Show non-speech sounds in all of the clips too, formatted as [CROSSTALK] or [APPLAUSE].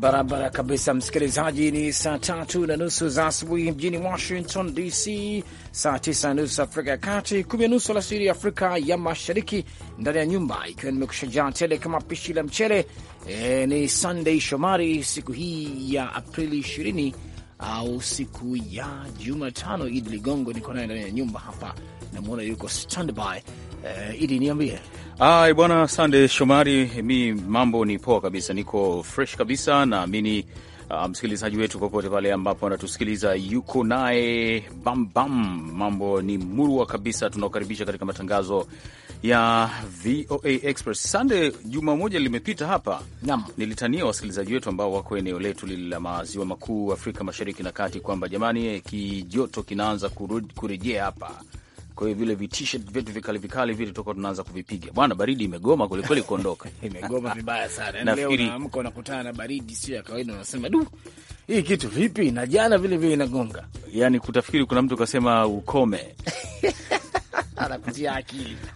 barabara kabisa, msikilizaji. Ni saa tatu na nusu za asubuhi mjini Washington DC, saa tisa na nusu Afrika ya Kati, kumi na nusu alasiri Afrika ya Mashariki. Ndani ya nyumba ikiwa nimekushajaa tele kama pishi la mchele e, ni Sunday Shomari, siku hii ya Aprili 20 au siku ya Jumatano. Idi Ligongo niko naye ndani ya nyumba hapa, namwona yuko standby. E, Idi, niambie Ay bwana Sande Shomari, mi mambo ni poa kabisa, niko fresh kabisa. Naamini uh, msikilizaji wetu popote pale ambapo anatusikiliza yuko naye bambam, mambo ni murwa kabisa. Tunaokaribisha katika matangazo ya VOA Express. Sande, juma moja limepita hapa Nam. nilitania wasikilizaji wetu ambao wako eneo letu lili la maziwa makuu Afrika mashariki na kati kwamba jamani, eh, kijoto kinaanza kurejea hapa kwa hiyo vile vitishet vyetu vikali vikali vile toka tunaanza kuvipiga bwana, baridi imegoma kwelikweli kuondoka [LAUGHS] imegoma vibaya sana. Na yaani leo unaamka unakutana na baridi sio ya kawaida, unasema du, hii kitu vipi? Na jana vile vile inagonga, yani kutafikiri kuna mtu kasema ukome [LAUGHS]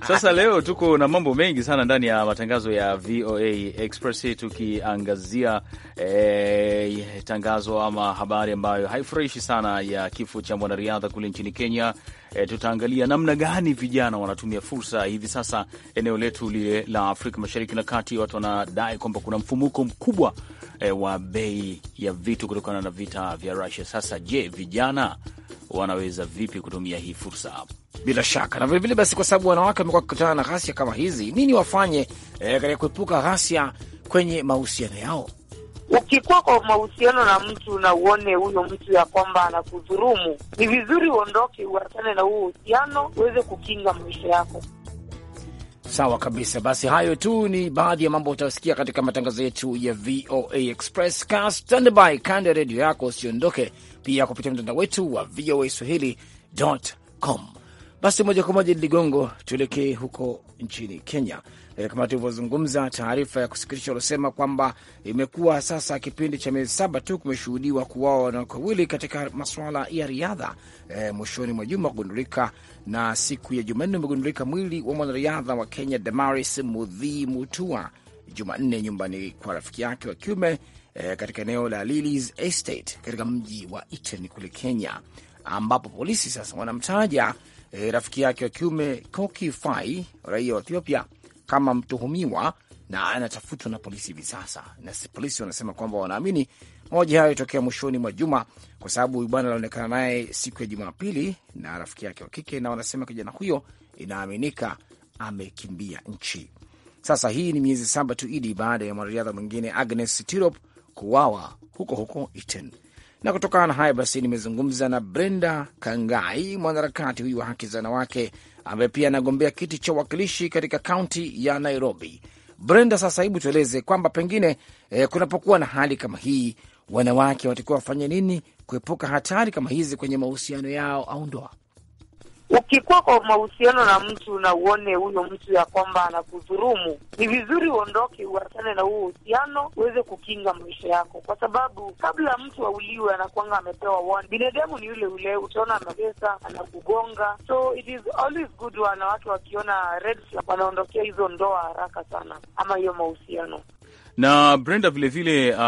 Sasa leo tuko na mambo mengi sana ndani ya matangazo ya VOA Express tukiangazia eh, tangazo ama habari ambayo haifurahishi sana ya kifo cha mwanariadha kule nchini Kenya e, tutaangalia namna gani vijana wanatumia fursa hivi sasa. Eneo letu lile la Afrika Mashariki na Kati, watu wanadai kwamba kuna mfumuko mkubwa e, wa bei ya vitu kutokana na vita vya Russia. Sasa je, vijana wanaweza vipi kutumia hii fursa? Bila shaka na vilevile basi, kwa sababu wanawake wamekuwa wakikutana na ghasia kama hizi, nini wafanye e, katika kuepuka ghasia kwenye mahusiano yao? Ukikuwa kwa mahusiano na mtu na uone huyo mtu ya kwamba anakudhurumu, ni vizuri uondoke, uachane na huo uhusiano, uweze kukinga maisha yako. Sawa kabisa. Basi hayo tu ni baadhi ya mambo utayosikia katika matangazo yetu ya VOA Express. Kaa standby kando ya redio yako, usiondoke, pia kupitia mtandao wetu wa VOA Swahili.com. Basi moja kwa moja, Ligongo, tuelekee huko nchini Kenya e, kama tulivyozungumza, taarifa ya kusikitisha ulosema kwamba imekuwa sasa kipindi cha miezi saba tu kumeshuhudiwa kuwawa wanawake wawili katika masuala ya riadha. E, mwishoni mwa juma kugundulika na siku ya Jumanne umegundulika mwili wa mwanariadha wa Kenya Damaris Mudhi Mutua Jumanne nyumbani kwa rafiki yake wa kiume e, katika eneo la Lilies Estate katika mji wa Iten kule Kenya, ambapo polisi sasa wanamtaja e, rafiki yake wa kiume Koki Fai, raia wa Ethiopia kama mtuhumiwa na anatafutwa na polisi hivi sasa, na polisi wanasema kwamba wanaamini moja hayo itokea mwishoni mwa juma, kwa sababu huyu bwana alionekana naye siku ya Jumapili na rafiki yake wa kike, na wanasema kijana huyo inaaminika amekimbia nchi. Sasa hii ni miezi saba tu idi baada ya mwanariadha mwingine Agnes Tirop kuwawa huko huko Iten. Na kutokana na haya basi, nimezungumza na Brenda Kangai, mwanaharakati huyu wa haki za wanawake ambaye pia anagombea kiti cha uwakilishi katika kaunti ya Nairobi. Brenda, sasa hebu tueleze kwamba pengine eh, kunapokuwa na hali kama hii wanawake watakiwa wafanye nini kuepuka hatari kama hizi kwenye mahusiano yao au ndoa? Ukikuwa kwa mahusiano na mtu na uone huyo mtu ya kwamba anakudhurumu, ni vizuri uondoke, uachane na huo uhusiano, uweze kukinga maisha yako, kwa sababu kabla mtu auliwe anakwanga amepewa warning. Binadamu ni yule yule, utaona amagesa, anakugonga. So it is always good wanawake wakiona red flag wanaondokea hizo ndoa haraka sana, ama hiyo mahusiano na Brenda vilevile uh,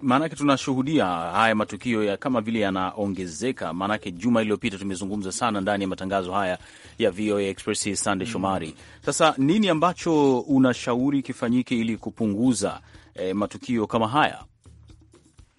maanake tunashuhudia haya matukio ya kama vile yanaongezeka, maanake juma iliyopita tumezungumza sana ndani ya matangazo haya ya VOA Express sande mm. Shomari, sasa nini ambacho unashauri kifanyike ili kupunguza eh, matukio kama haya?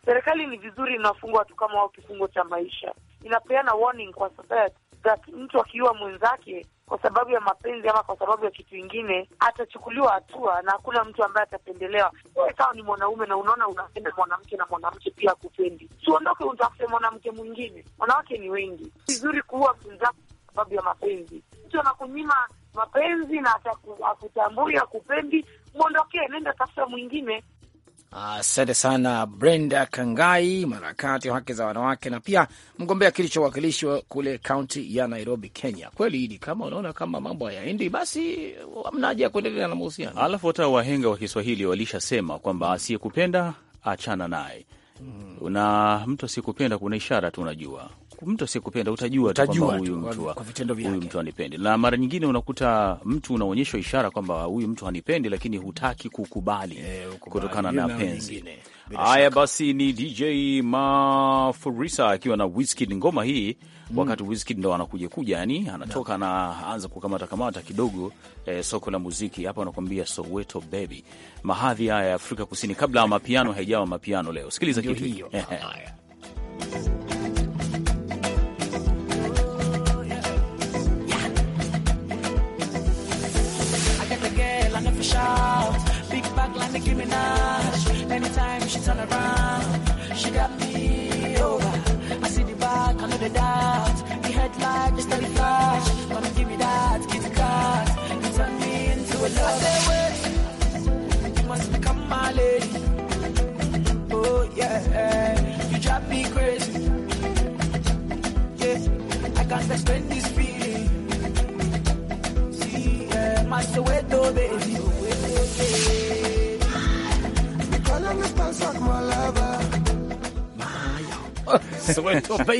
Serikali ni vizuri inafungwa watu kama wao kifungo cha maisha, inapeana warning kwa society that mtu akiua mwenzake kwa sababu ya mapenzi ama kwa sababu ya kitu ingine, atachukuliwa hatua na hakuna mtu ambaye atapendelewa. Wewe kama ni mwanaume na unaona unapenda mwanamke na mwanamke pia akupendi, siondoke utafute mwanamke mwingine. Wanawake ni wengi, vizuri kuua mwenzako kwa sababu ya mapenzi. Mtu anakunyima mapenzi na akutambui, akupendi, mwondokee, nenda tafuta mwingine. Asante sana Brenda Kangai, mwanaharakati wa haki za wanawake na pia mgombea kiti cha uwakilishi kule kaunti ya Nairobi, Kenya. Kweli hili kama unaona kama mambo hayaendi, basi hamna ya kuendelea na mahusiano. Alafu hata wahenga wa Kiswahili walishasema kwamba asiyekupenda achana naye mm. na mtu asikupenda, kuna ishara tu, unajua mtu asikupenda utajua tu huyu mtu huyu mtu anipendi. Na mara nyingine unakuta mtu unaonyeshwa ishara kwamba huyu mtu hanipendi, lakini hutaki kukubali e, kutokana na penzi. Haya basi, ni DJ Mafurisa akiwa na Wizkid, ngoma hii mm. wakati Wizkid ndo anakuja kuja, yani anatoka na anza kukamata kamata kidogo eh, soko la muziki hapa. Anakuambia Soweto baby, mahadhi haya ya Afrika Kusini kabla mapiano haijawa mapiano. Leo sikiliza kitu hiyo eh, eh. Anytime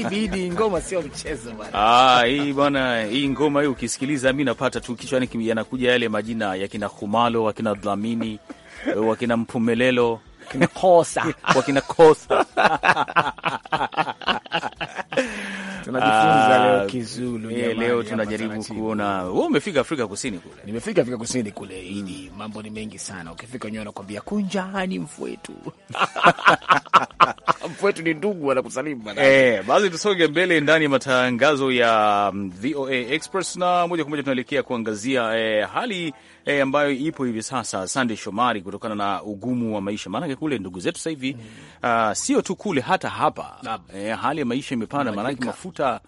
Eh, ngoma sio mchezo bwana. Ah, hii bwana, hii ngoma hii ukisikiliza, mi napata tu kichwani yanakuja yale majina ya kina Khumalo, wakina Dlamini, wakina Mpumelelo, wakina Kosa, wakina Kosa tunajifunza Kizulu e, leo tunajaribu kuona wewe umefika Afrika Kusini kule. Nimefika Afrika Kusini kule ili mambo ni mengi sana. Ukifika wenyewe wanakwambia kunja ni mfwetu. [LAUGHS] Mfwetu ni ndugu wanakusalimu bana. Eh, basi tusonge mbele ndani ya matangazo ya mm, VOA Express na moja kwa moja tunaelekea kuangazia eh, hali E, ambayo ipo hivi sasa Sunday Shomari, kutokana na ugumu wa maisha, maanake kule ndugu zetu sasa hivi mm, uh, sio tu kule hata hapa e, hali ya maisha imepanda maanake mafuta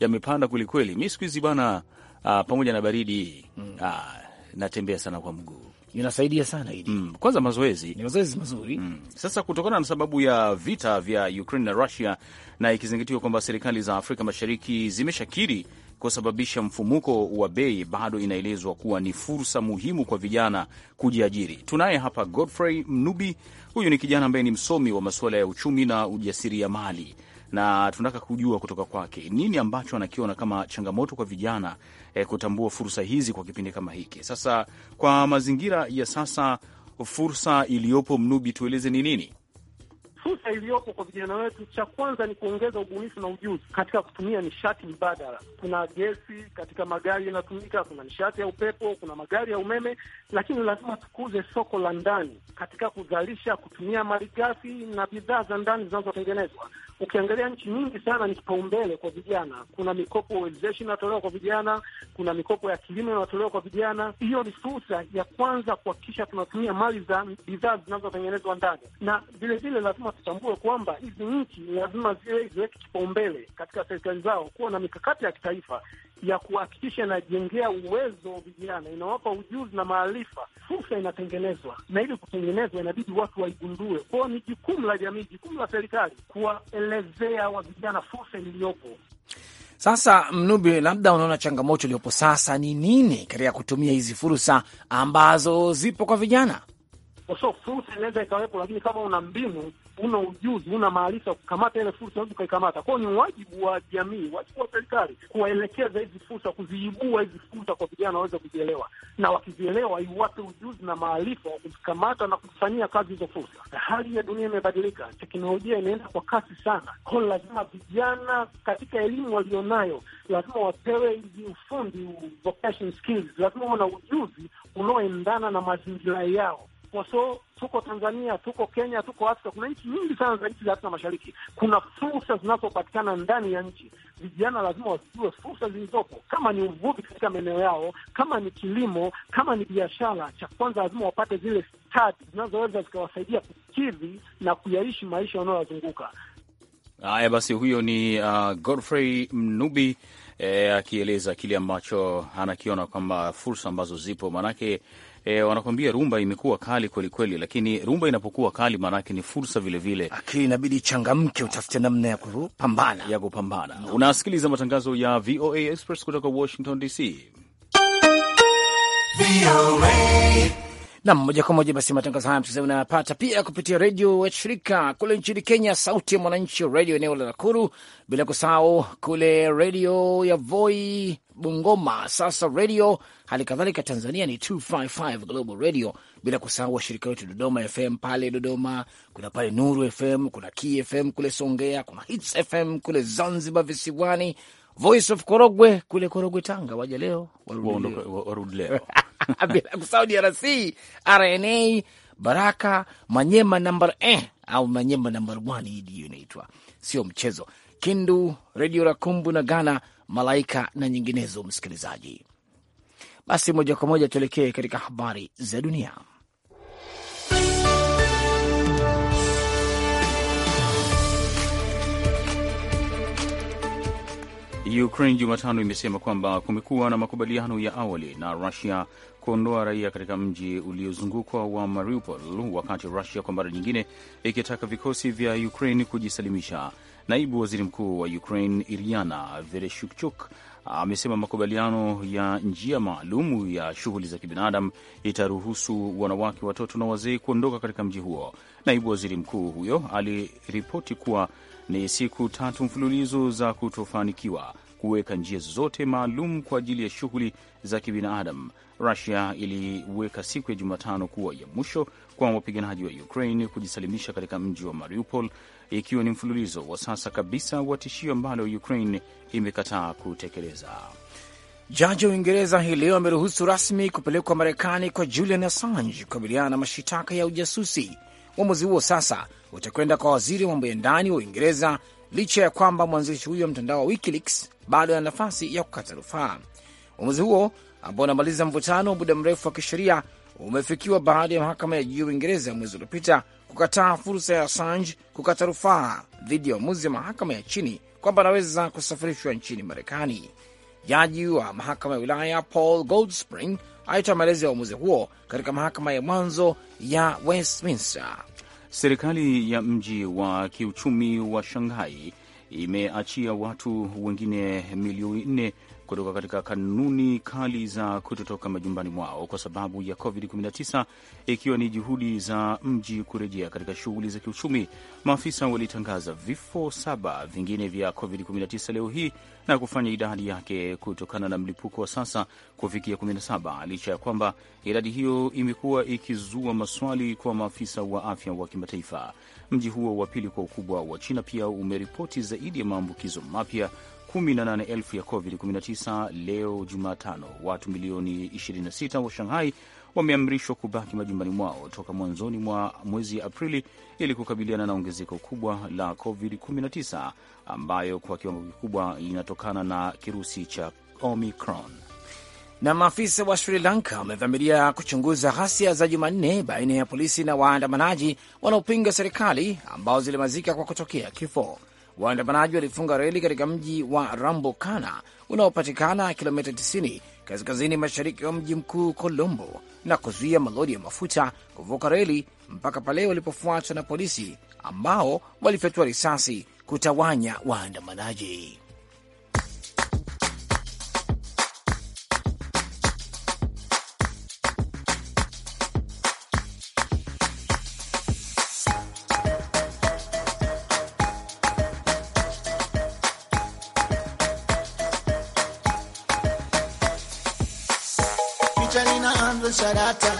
yamepanda kwelikweli. Mi siku hizi bwana, ah, pamoja na baridi mm. Ah, natembea sana kwa mguu inasaidia sana hili Mm, kwanza mazoezi ni mazoezi mazuri mm. Sasa kutokana na sababu ya vita vya Ukraine na Russia na ikizingatiwa kwamba serikali za Afrika Mashariki zimeshakiri kusababisha mfumuko wa bei, bado inaelezwa kuwa ni fursa muhimu kwa vijana kujiajiri. Tunaye hapa Godfrey Mnubi, huyu ni kijana ambaye ni msomi wa masuala ya uchumi na ujasiriamali na tunataka kujua kutoka kwake nini ambacho anakiona kama changamoto kwa vijana e, kutambua fursa hizi kwa kipindi kama hiki. Sasa kwa mazingira ya sasa, fursa iliyopo, Mnubi, tueleze ni nini? Fursa iliyopo kwa vijana wetu, cha kwanza ni kuongeza ubunifu na ujuzi katika kutumia nishati mbadala. Kuna gesi katika magari yanatumika, kuna nishati ya upepo, kuna magari ya umeme, lakini lazima tukuze soko la ndani katika kuzalisha, kutumia malighafi na bidhaa za ndani zinazotengenezwa ukiangalia nchi nyingi sana ni kipaumbele kwa vijana. Kuna mikopo wezeshi inatolewa kwa vijana, kuna mikopo ya kilimo inatolewa kwa vijana. Hiyo ni fursa ya kwanza kuhakikisha tunatumia mali za bidhaa zinazotengenezwa ndani, na vilevile lazima tutambue kwamba hizi nchi lazima ziwe ziweke kipaumbele katika serikali zao kuwa na mikakati ya kitaifa ya kuhakikisha inajengea uwezo vijana, inawapa ujuzi na maarifa. Fursa inatengenezwa na ili kutengenezwa inabidi watu waigundue. Kwao ni jukumu la jamii, jukumu la serikali kuwaelezea wa vijana fursa iliyopo. Sasa Mnubi, labda unaona changamoto iliyopo sasa ni nini katika kutumia hizi fursa ambazo zipo kwa vijana? sababu fursa inaweza ikawepo, lakini kama una mbinu, una ujuzi, una maarifa kukamata ile fursa, unaweza ukaikamata. Kwao ni wajibu wa jamii, wajibu wa serikali kuwaelekeza hizi fursa, kuziibua hizi fursa kwa vijana waweze kuzielewa, na wakizielewa iwape ujuzi na maarifa wa kuzikamata na kuzifanyia kazi hizo fursa. Hali ya dunia imebadilika, teknolojia inaenda kwa kasi sana, kwao lazima vijana katika elimu walionayo lazima wapewe hizi ufundi, vocation skills, lazima wana ujuzi unaoendana na mazingira yao so tuko Tanzania, tuko Kenya, tuko Afrika, kuna nchi nyingi sana za nchi za Afrika Mashariki. Kuna fursa zinazopatikana ndani ya nchi. Vijana lazima wazijue fursa zilizopo, kama ni uvuvi katika maeneo yao, kama ni kilimo, kama ni biashara. Cha kwanza lazima wapate zile stadi zinazoweza zikawasaidia kukidhi na kuyaishi maisha yanayowazunguka. Haya basi, huyo ni uh, Godfrey Mnubi eh, akieleza eh, kile ambacho anakiona kwamba fursa ambazo zipo maanake e, wanakuambia rumba imekuwa kali kwelikweli, lakini rumba inapokuwa kali maanake ni fursa vilevile, akili inabidi changamke, utafute namna ya kupambana ya kupambana no. Unasikiliza matangazo ya VOA Express kutoka Washington DC. Nam moja kwa moja basi, matangazo haya msikilizaji unayapata pia kupitia redio wa shirika kule nchini Kenya, Sauti ya Mwananchi redio eneo la Nakuru, bila kusahau kule redio ya Voi Bungoma, sasa redio hali kadhalika. Tanzania ni 255 Global Radio, bila kusahau washirika wetu Dodoma FM pale Dodoma, kuna pale Nuru FM, kuna KFM kule Songea, kuna Hits FM kule Zanzibar visiwani, Voice of Korogwe kule Korogwe Tanga, waja leo warudi leo [LAUGHS] [LAUGHS] bila kusahau DRC, RNA, Baraka, Manyema number eh, au Manyema number one, hii ndio inaitwa, sio mchezo. Kindu, Redio Rakumbu na Ghana, Malaika na nyinginezo. Msikilizaji, basi moja kwa moja tuelekee katika habari za dunia. Ukraine Jumatano imesema kwamba kumekuwa na makubaliano ya awali na Rusia kuondoa raia katika mji uliozungukwa wa Mariupol, wakati Rusia kwa mara nyingine ikitaka vikosi vya Ukraine kujisalimisha. Naibu waziri mkuu wa Ukraine Iriana vereshukchuk Ah, amesema makubaliano ya njia maalum ya shughuli za kibinadamu itaruhusu wanawake, watoto na wazee kuondoka katika mji huo. Naibu waziri mkuu huyo aliripoti kuwa ni siku tatu mfululizo za kutofanikiwa kuweka njia zote maalum kwa ajili ya shughuli za kibinadamu. Rusia iliweka siku ya Jumatano kuwa ya mwisho kwa wapiganaji wa Ukraine kujisalimisha katika mji wa Mariupol ikiwa ni mfululizo wa sasa kabisa wa tishio ambalo Ukraine imekataa kutekeleza. Jaji wa Uingereza hii leo ameruhusu rasmi kupelekwa Marekani kwa Julian Assange kukabiliana na mashitaka ya ujasusi. Uamuzi huo sasa utakwenda kwa waziri wa mambo ya ndani wa Uingereza, licha ya kwamba mwanzilishi huyo wa mtandao wa WikiLeaks bado ana nafasi ya kukata rufaa. Uamuzi huo ambao unamaliza mvutano wa muda mrefu wa kisheria umefikiwa baada ya mahakama ya juu ya Uingereza mwezi uliopita kukataa fursa ya Assange kukata rufaa dhidi ya uamuzi ya mahakama ya chini kwamba anaweza kusafirishwa nchini Marekani. Jaji wa mahakama ya wilaya Paul Goldspring alitoa maelezo ya uamuzi huo katika mahakama ya mwanzo ya Westminster. Serikali ya mji wa kiuchumi wa Shanghai imeachia watu wengine milioni nne kutoka katika kanuni kali za kutotoka majumbani mwao kwa sababu ya COVID-19, ikiwa ni juhudi za mji kurejea katika shughuli za kiuchumi. Maafisa walitangaza vifo saba vingine vya COVID-19 leo hii na kufanya idadi yake kutokana na mlipuko wa sasa kufikia 17, licha ya kwamba idadi hiyo imekuwa ikizua maswali kwa maafisa wa afya wa kimataifa. Mji huo wa pili kwa ukubwa wa China pia umeripoti zaidi ya maambukizo mapya 18,000 ya COVID-19 leo Jumatano. Watu milioni 26 wa Shanghai wameamrishwa kubaki majumbani mwao toka mwanzoni mwa mwezi Aprili ili kukabiliana na ongezeko kubwa la COVID-19 ambayo kwa kiwango kikubwa inatokana na kirusi cha Omicron. Na maafisa wa Sri Lanka wamedhamiria kuchunguza ghasia za Jumanne baina ya polisi na waandamanaji wanaopinga serikali ambao zilimazika kwa kutokea kifo waandamanaji walifunga reli katika mji wa rambokana unaopatikana kilomita 90 kaskazini mashariki wa mji mkuu Colombo na kuzuia malori ya mafuta kuvuka reli mpaka pale walipofuatwa na polisi ambao walifyatua risasi kutawanya waandamanaji. linaanza sharata,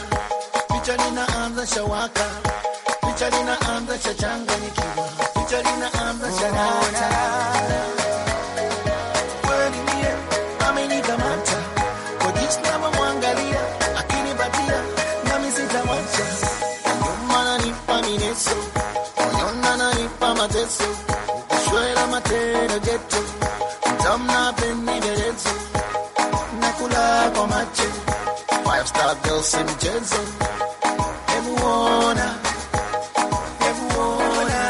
picha linaanza shawaka, picha linaanza shachanganyikiwa, picha linaanza sharata si mchezo. Emuona, emuona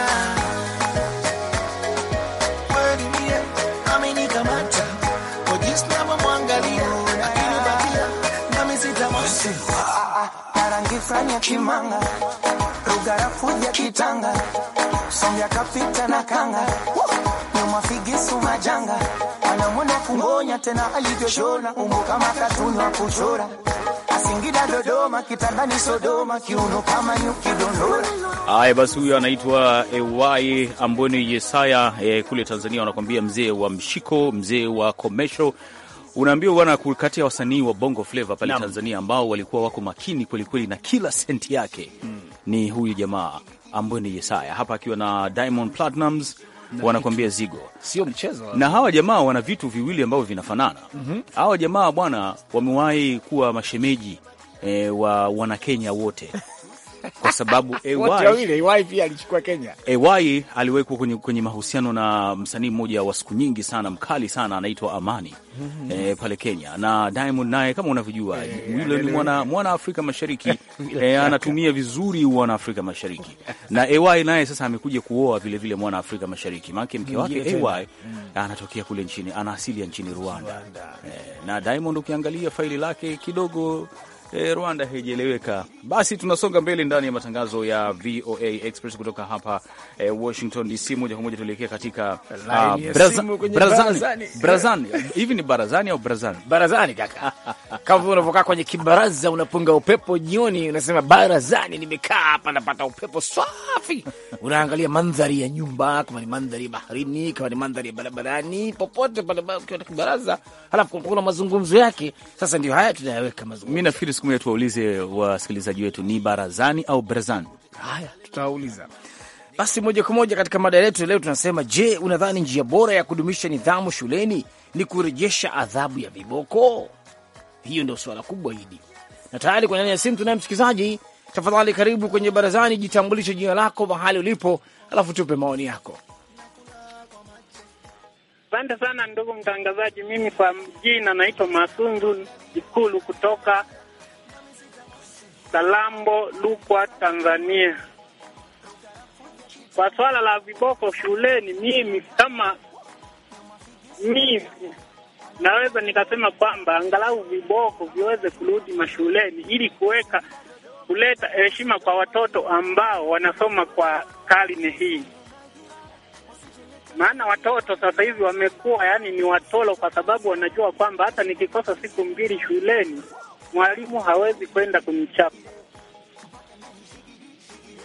kweli kimanga rugarafuja kitanga sombya kapita na kanga nyuma figisu majanga anamona kungonya tena alivyoshona umbo kama kuchora Singida, Dodoma, kitandani Sodoma, kiuno kama nyuki dondora. Haya basi, huyo anaitwa Ewai eh, Amboni Yesaya e, kule Tanzania wanakuambia mzee wa mshiko, mzee wa komesho unaambiwa bwana, kati ya wasanii wa Bongo Flava pale Tanzania ambao walikuwa wako makini kwelikweli na kila senti yake mm. ni huyu jamaa Amboni Yesaya hapa akiwa na Diamond Platnumz wanakwambia zigo, sio mchezo. Na hawa jamaa wana vitu viwili ambavyo vinafanana. mm -hmm. Hawa jamaa bwana, wamewahi kuwa mashemeji e, wa wanakenya wote [LAUGHS] kwa sababu AY [LAUGHS] aliwekwa kwenye, kwenye mahusiano na msanii mmoja wa siku nyingi sana mkali sana anaitwa Amani mm -hmm. E, pale Kenya na Diamond naye kama unavyojua eh, yule ni mwana, mwana Afrika Mashariki [LAUGHS] e, anatumia vizuri wana Afrika Mashariki na AY naye sasa amekuja kuoa vilevile mwana Afrika Mashariki maake mke wake AY mm. anatokea kule nchini ana asili ya nchini Rwanda, Rwanda. E, na Diamond ukiangalia faili lake kidogo e, Rwanda haijaeleweka. Basi tunasonga mbele ndani ya matangazo ya VOA Express kutoka hapa e, Washington DC. Moja kwa moja tuelekea katika uh, brazani brazani. hivi ni barazani au brazani? Barazani kaka, kama vile unavyokaa kwenye kibaraza unapunga upepo jioni, unasema barazani, nimekaa hapa napata upepo safi. Unaangalia mandhari ya nyumba, kama ni mandhari ya baharini, kama ni mandhari ya barabarani, popote pale ukiwa na kibaraza, halafu kuna mazungumzo yake. Sasa ndio haya tunayaweka mazungumzo. Mimi nafikiri siku tuwaulize wasikilizaji wetu ni barazani au barazani. Haya, tutawauliza basi moja kwa moja katika mada yetu leo. Tunasema, je, unadhani njia bora ya kudumisha nidhamu shuleni ni kurejesha adhabu ya viboko? Hiyo ndio suala kubwa hili, na tayari kwa nani ya simu tunaye msikilizaji. Tafadhali karibu kwenye barazani, jitambulishe jina lako, mahali ulipo, alafu tupe maoni yako. Asante sana ndugu mtangazaji, mimi kwa jina naitwa Masundu Jikulu kutoka Kalambo, Lukwa, Tanzania. Kwa swala la viboko shuleni, mimi kama mimi naweza nikasema kwamba angalau viboko viweze kurudi mashuleni ili kuweka kuleta heshima kwa watoto ambao wanasoma kwa karne hii. Maana watoto sasa hivi wamekuwa yani ni watolo kwa sababu wanajua kwamba hata nikikosa siku mbili shuleni mwalimu hawezi kwenda kunichapa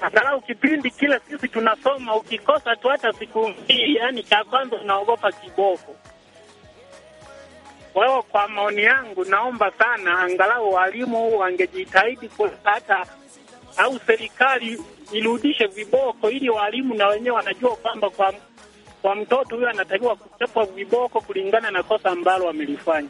angalau kipindi kila siku tunasoma, ukikosa tu hata siku mbili, yani cha kwanza unaogopa kiboko. Kwa hiyo kwa maoni yangu, naomba sana angalau walimu wangejitahidi kuweka hata au serikali irudishe viboko, ili walimu na wenyewe wanajua kwamba kwa, kwa mtoto huyo anatakiwa kuchapwa viboko kulingana na kosa ambalo amelifanya.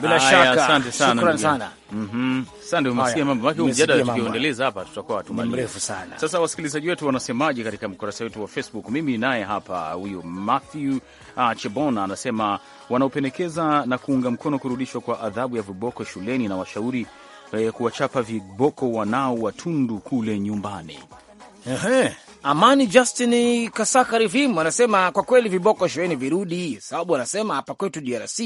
Bila shaka asante sana, shukrani sana. Mhm, asante. Umesikia mambo yake, mjadala tukiendeleza hapa tutakuwa watu mrefu sana. Sasa wasikilizaji wetu wanasemaje katika mkurasa wetu wa Facebook? Mimi naye hapa huyu Matthew uh, Chebona anasema wanaopendekeza na kuunga mkono kurudishwa kwa adhabu ya viboko shuleni na washauri eh, kuwachapa viboko wanao watundu kule nyumbani. Ehe. Amani Justin Kasakarivim anasema kwa kweli, viboko shuleni virudi, sababu anasema hapa kwetu DRC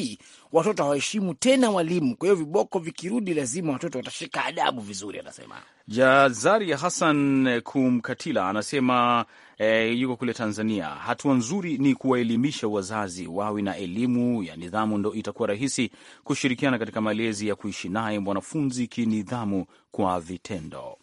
watoto hawaheshimu tena walimu. Kwa hiyo viboko vikirudi, lazima watoto watashika adabu vizuri, anasema. Jazari Hassan Kumkatila anasema e, yuko kule Tanzania. Hatua nzuri ni kuwaelimisha wazazi, wawe na elimu ya nidhamu, ndo itakuwa rahisi kushirikiana katika malezi ya kuishi naye mwanafunzi kinidhamu kwa vitendo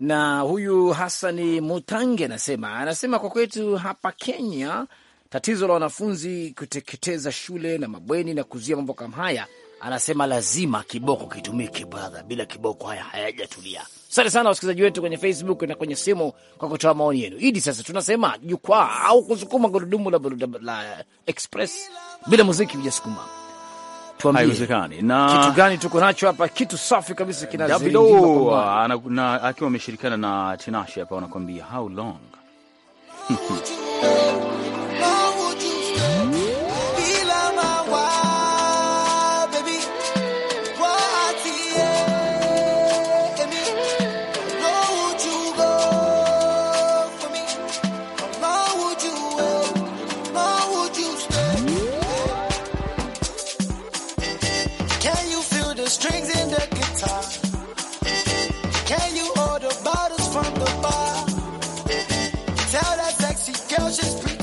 na huyu Hasani Mutange anasema anasema kwa kwetu hapa Kenya tatizo la wanafunzi kuteketeza shule na mabweni na kuzia mambo kama haya, anasema lazima kiboko kitumike bradha, bila kiboko haya hayajatulia. Asante sana wasikilizaji wetu kwenye Facebook na kwenye simu kwa kutoa maoni yenu. Hidi sasa tunasema jukwaa au kusukuma gurudumu la, la, la express bila muziki hujasukuma haiwezekani. Na kitu gani tuko nacho hapa? Kitu safi kabisa kinaziringiwa na akiwa ameshirikiana na Tinashe hapa wanakuambia how long [LAUGHS] strings in the guitar. Can you order bottles from the bar? Tell that sexy girl she's pretty.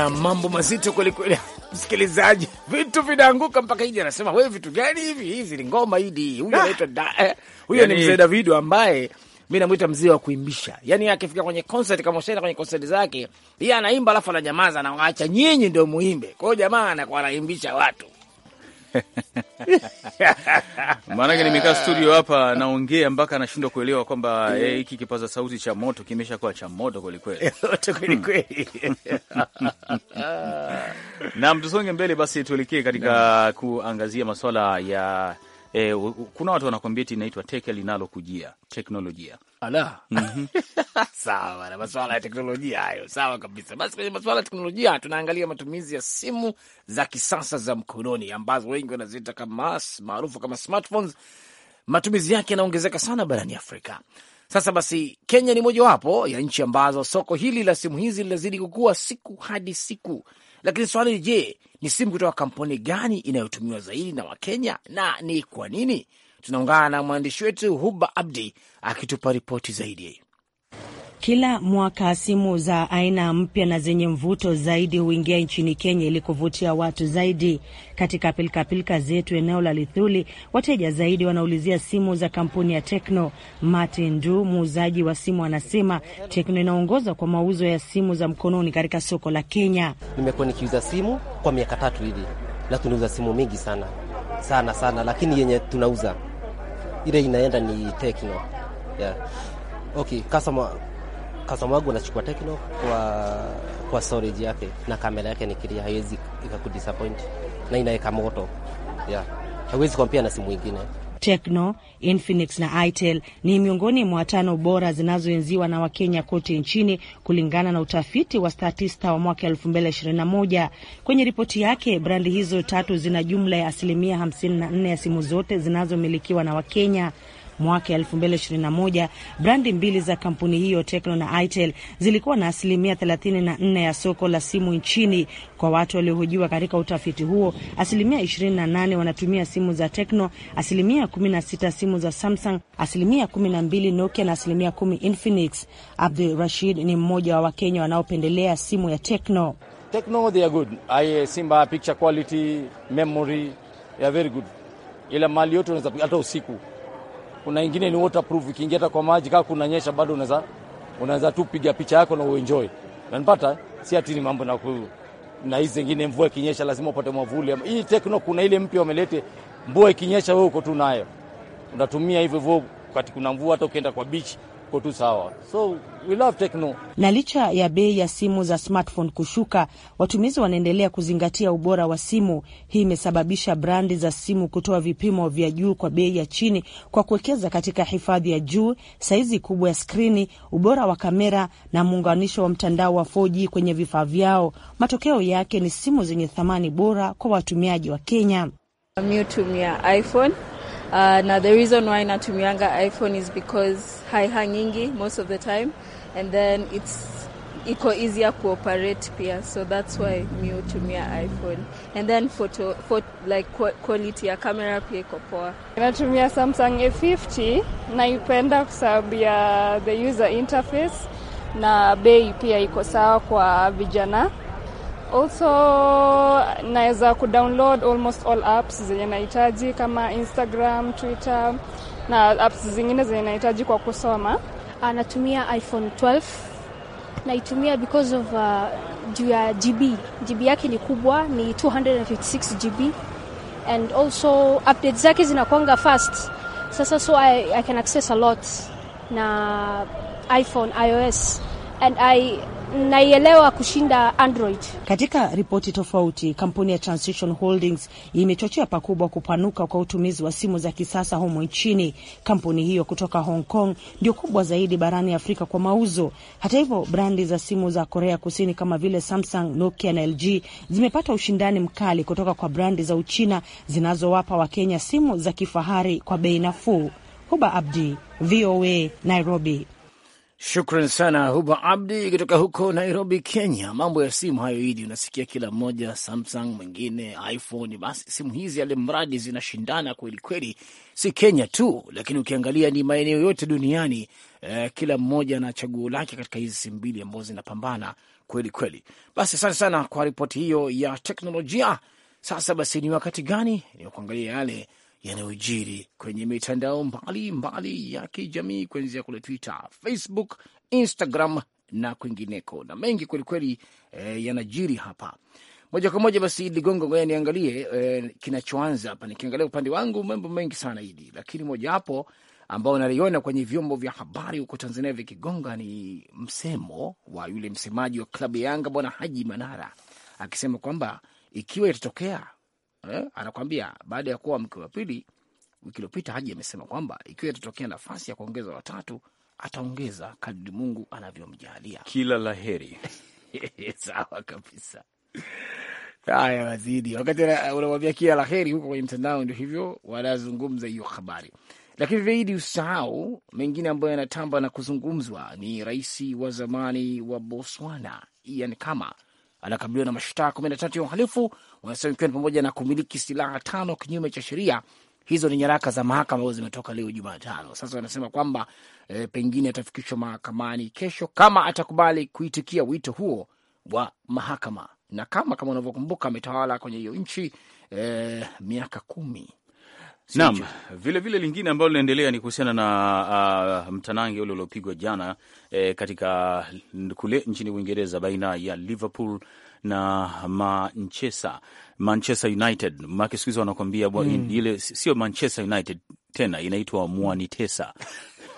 Haya, mambo mazito kweli kweli, msikilizaji, vitu vinaanguka mpaka Idi anasema wewe, vitu gani hivi? Hizi ni ngoma hidi. Huyo ah. anaitwa eh, huyo yani, ni mzee Davido ambaye mi namwita mzee wa kuimbisha, yani akifika kwenye concert, kama ushaenda kwenye concert zake, yeye anaimba alafu ananyamaza, anawaacha nyinyi ndio muimbe. Kwa hiyo jamaa anakuwa anaimbisha watu [LAUGHS] maanake nimekaa studio hapa naongea mpaka anashindwa kuelewa kwamba eh, hiki kipaza sauti cha moto kimeshakuwa cha moto kwelikweli [LAUGHS] [LAUGHS] nam. Tusonge mbele basi, tuelekee katika kuangazia masuala ya e, kuna watu wanakwambia ti inaitwa teke linalokujia teknolojia. Ala, mm [LAUGHS] Sawa na masuala ya teknolojia hayo, sawa kabisa. Basi kwenye masuala ya teknolojia tunaangalia matumizi ya simu za kisasa za mkononi ambazo wengi wanaziita kama maarufu kama smartphones. Matumizi yake yanaongezeka sana barani Afrika. Sasa basi, Kenya ni mojawapo ya nchi ambazo soko hili la simu hizi linazidi kukua siku hadi siku, lakini swali ni je, ni simu kutoka kampuni gani inayotumiwa zaidi na Wakenya na ni kwa nini? Tunaungana na mwandishi wetu Huba Abdi akitupa ripoti zaidi. Kila mwaka simu za aina mpya na zenye mvuto zaidi huingia nchini Kenya ili kuvutia watu zaidi. Katika pilikapilika zetu eneo la Lithuli, wateja zaidi wanaulizia simu za kampuni ya Tekno. Martin Du, muuzaji wa simu, anasema Tekno inaongoza kwa mauzo ya simu za mkononi katika soko la Kenya. Nimekuwa nikiuza simu kwa miaka tatu hivi na tunauza simu mingi sana sana sana, lakini yenye tunauza ile inaenda ni Tekno yeah. Okay, customer kasoma wangu anachukua Tekno kwa kwa storage yake na kamera yake ni clear, haiwezi ikakudisappoint na inaweka moto yeah. Haiwezi kumpia na simu ingine. Tecno, Infinix na Itel ni miongoni mwa tano bora zinazoenziwa na Wakenya kote nchini kulingana na utafiti wa Statista wa mwaka 2021. Kwenye ripoti yake, brandi hizo tatu zina jumla ya asilimia 54 ya simu zote zinazomilikiwa na Wakenya mwaka 2021 brandi mbili za kampuni hiyo Tecno na Itel zilikuwa na asilimia 34 ya soko la simu nchini. Kwa watu waliohojiwa katika utafiti huo, asilimia 28 wanatumia simu za Tecno, asilimia 16 simu za Samsung, asilimia 12 Nokia na asilimia 10 Infinix. Abdul Rashid ni mmoja wa Wakenya wanaopendelea simu ya Tecno. Tecno they are good. I eh, Simba picture quality, memory, they are very good. Ila mali yote unaweza hata usiku kuna ingine ni waterproof, ikiingia hata kwa maji kama kunanyesha bado unaweza unaweza tu piga picha yako na uenjoy. Unanipata? Si ati ni mambo na ku na hizi zingine, mvua ikinyesha lazima upate mwavuli. Hii tekno kuna ile mpya wamelete, mvua ikinyesha wewe uko tu nayo unatumia hivyo hivyo, wakati kuna mvua, hata ukienda kwa beach tuko tu sawa, so we love techno. Na licha ya bei ya simu za smartphone kushuka, watumizi wanaendelea kuzingatia ubora wa simu. Hii imesababisha brandi za simu kutoa vipimo vya juu kwa bei ya chini, kwa kuwekeza katika hifadhi ya juu, saizi kubwa ya skrini, ubora wa kamera na muunganisho wa mtandao wa 4G kwenye vifaa vyao. Matokeo yake ni simu zenye thamani bora kwa watumiaji wa Kenya. Mi hutumia iPhone Uh, na the reason why natumianga iPhone is because haihang'ingi most of the time and then it's iko easier kuoperate pia so that's why mi hutumia iPhone and then photo, photo, like quality ya camera pia iko poa. Natumia Samsung A50 naipenda kwa sababu ya the user interface na bei pia iko sawa kwa vijana Also naweza kudownload almost all apps zenye nahitaji kama Instagram, Twitter na apps zingine zenye nahitaji kwa kusoma. Anatumia ah, iPhone 12 naitumia because of uh, juu ya GB. GB yake ni kubwa, ni 256 GB and also updates zake zinakwanga fast. Sasa so I, I can access a lot na iPhone iOS and I naielewa kushinda Android. Katika ripoti tofauti, kampuni ya Transition Holdings imechochea pakubwa kupanuka kwa utumizi wa simu za kisasa humo nchini. Kampuni hiyo kutoka Hong Kong ndio kubwa zaidi barani Afrika kwa mauzo. Hata hivyo, brandi za simu za Korea Kusini kama vile Samsung, Nokia na LG zimepata ushindani mkali kutoka kwa brandi za Uchina zinazowapa Wakenya simu za kifahari kwa bei nafuu. Huba Abdi, VOA, Nairobi. Shukran sana Huba Abdi kutoka huko Nairobi, Kenya. Mambo ya simu hayo, Idi, unasikia kila mmoja, Samsung mwingine iPhone. Basi simu hizi ale mradi zinashindana kweli kweli, si Kenya tu, lakini ukiangalia ni maeneo yote duniani eh, kila mmoja na chaguo lake katika hizi simu mbili ambazo zinapambana kweli kweli. Basi asante sana kwa ripoti hiyo ya teknolojia. Sasa basi, ni wakati gani ni kuangalia yale yanayojiri kwenye mitandao mbalimbali mbali ya kijamii kuanzia kule Twitter, Facebook, Instagram na kwingineko, na mengi kwelikweli eh, yanajiri hapa moja kwa moja. Basi Ligongo, ngoja niangalie eh, kinachoanza hapa. Nikiangalia upande wangu mambo mengi sana Idi, lakini mojawapo ambao naliona kwenye vyombo vya habari huko Tanzania vikigonga ni msemo wa yule msemaji wa klabu ya Yanga Bwana Haji Manara akisema kwamba ikiwa itatokea eh, anakwambia baada ya kuwa mke wa pili wiki iliyopita, Haji amesema kwamba ikiwa itatokea nafasi ya kuongeza watatu ataongeza kadri Mungu anavyomjalia. Kila laheri. [LAUGHS] Sawa kabisa. Haya, wazidi wakati unamwambia kila heri huko kwenye mtandao, ndio hivyo wanazungumza hiyo habari. Lakini Veidi, usahau mengine ambayo yanatamba na kuzungumzwa ni rais wa zamani wa Botswana Ian Khama anakabiliwa na mashtaka kumi na tatu ya uhalifu wanasema ikiwa ni pamoja na kumiliki silaha tano kinyume cha sheria. Hizo ni nyaraka za mahakama ambazo zimetoka leo Jumatano. Sasa wanasema kwamba e, pengine atafikishwa mahakamani kesho kama atakubali kuitikia wito huo wa mahakama, na kama kama unavyokumbuka ametawala kwenye hiyo nchi e, miaka kumi Naam, vile vile lingine ambalo linaendelea ni kuhusiana na uh, mtanange ule uliopigwa jana eh, katika kule nchini Uingereza baina ya Liverpool na Manchester, Manchester United make siku wanakuambia mm. Ile sio Manchester United tena inaitwa Mwanitesa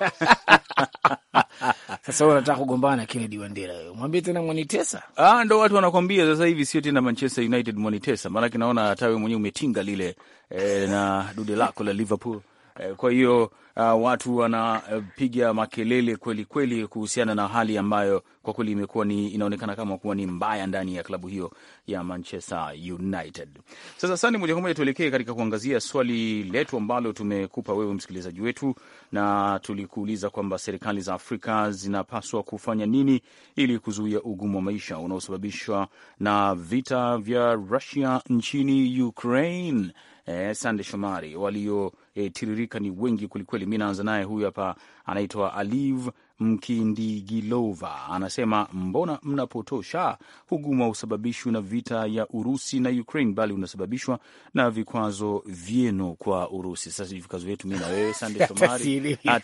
[LAUGHS] Sasa wewe unataka kugombana Kennedy Wandera, wewe mwambie tena mwanitesa. Ah, ndo watu wanakwambia sasa hivi sio tena Manchester United mwanitesa, maanake naona hata wewe mwenyewe umetinga lile eh, na dude lako la Liverpool eh, kwa hiyo uh, watu wanapiga makelele kweli kweli kuhusiana na hali ambayo kwa kweli imekuwa ni inaonekana kama kuwa ni mbaya ndani ya klabu hiyo ya Manchester United. Sasa sani, moja kwa moja tuelekee katika kuangazia swali letu ambalo tumekupa wewe msikilizaji wetu, na tulikuuliza kwamba serikali za Afrika zinapaswa kufanya nini ili kuzuia ugumu wa maisha unaosababishwa na vita vya Russia nchini Ukraine. Eh, Sande Shomari walio e, tiririka ni wengi kwelikweli. Mi naanza naye huyu hapa, anaitwa Aliv Mkindigilova, anasema mbona mnapotosha huguma usababishwi na vita ya Urusi na Ukraine, bali unasababishwa na vikwazo vyenu kwa Urusi. Sasa vikwazo vyetu mi na wewe Sande [LAUGHS] Shomari, ah,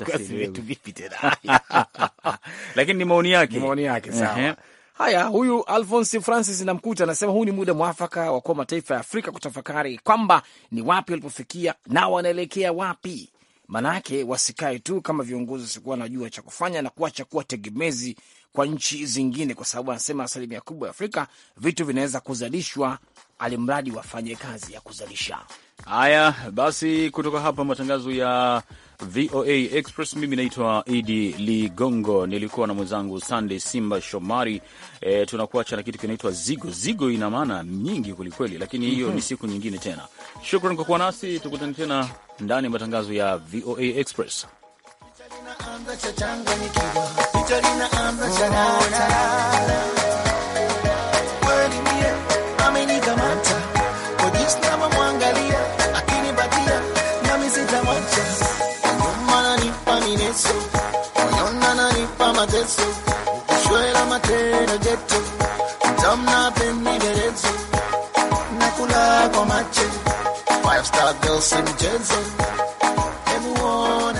[LAUGHS] lakini ni maoni yake, ni maoni yake sawa. Haya, huyu alfonsi Francis Namkuta anasema huu ni muda mwafaka wa kuwa mataifa ya Afrika kutafakari kwamba ni wapi walipofikia na wanaelekea wapi, manake wasikae tu kama viongozi wasikuwa wanajua cha kufanya na kuacha kuwa tegemezi kwa nchi zingine, kwa sababu anasema asilimia kubwa ya Afrika vitu vinaweza kuzalishwa, alimradi wafanye kazi ya kuzalisha. Haya basi, kutoka hapa matangazo ya VOA Express. Mimi naitwa Idi Ligongo, nilikuwa na mwenzangu Sandey Simba Shomari. E, tunakuacha na kitu kinaitwa zigo zigo. Ina maana nyingi kwelikweli, lakini hiyo mm -hmm. ni mhm. siku nyingine tena. Shukran kwa kuwa nasi, tukutane tena ndani ya matangazo ya VOA Express. adesso, cioè la mattina getto, domna penni verezzo, nakula comacce, five star girls in Jensen.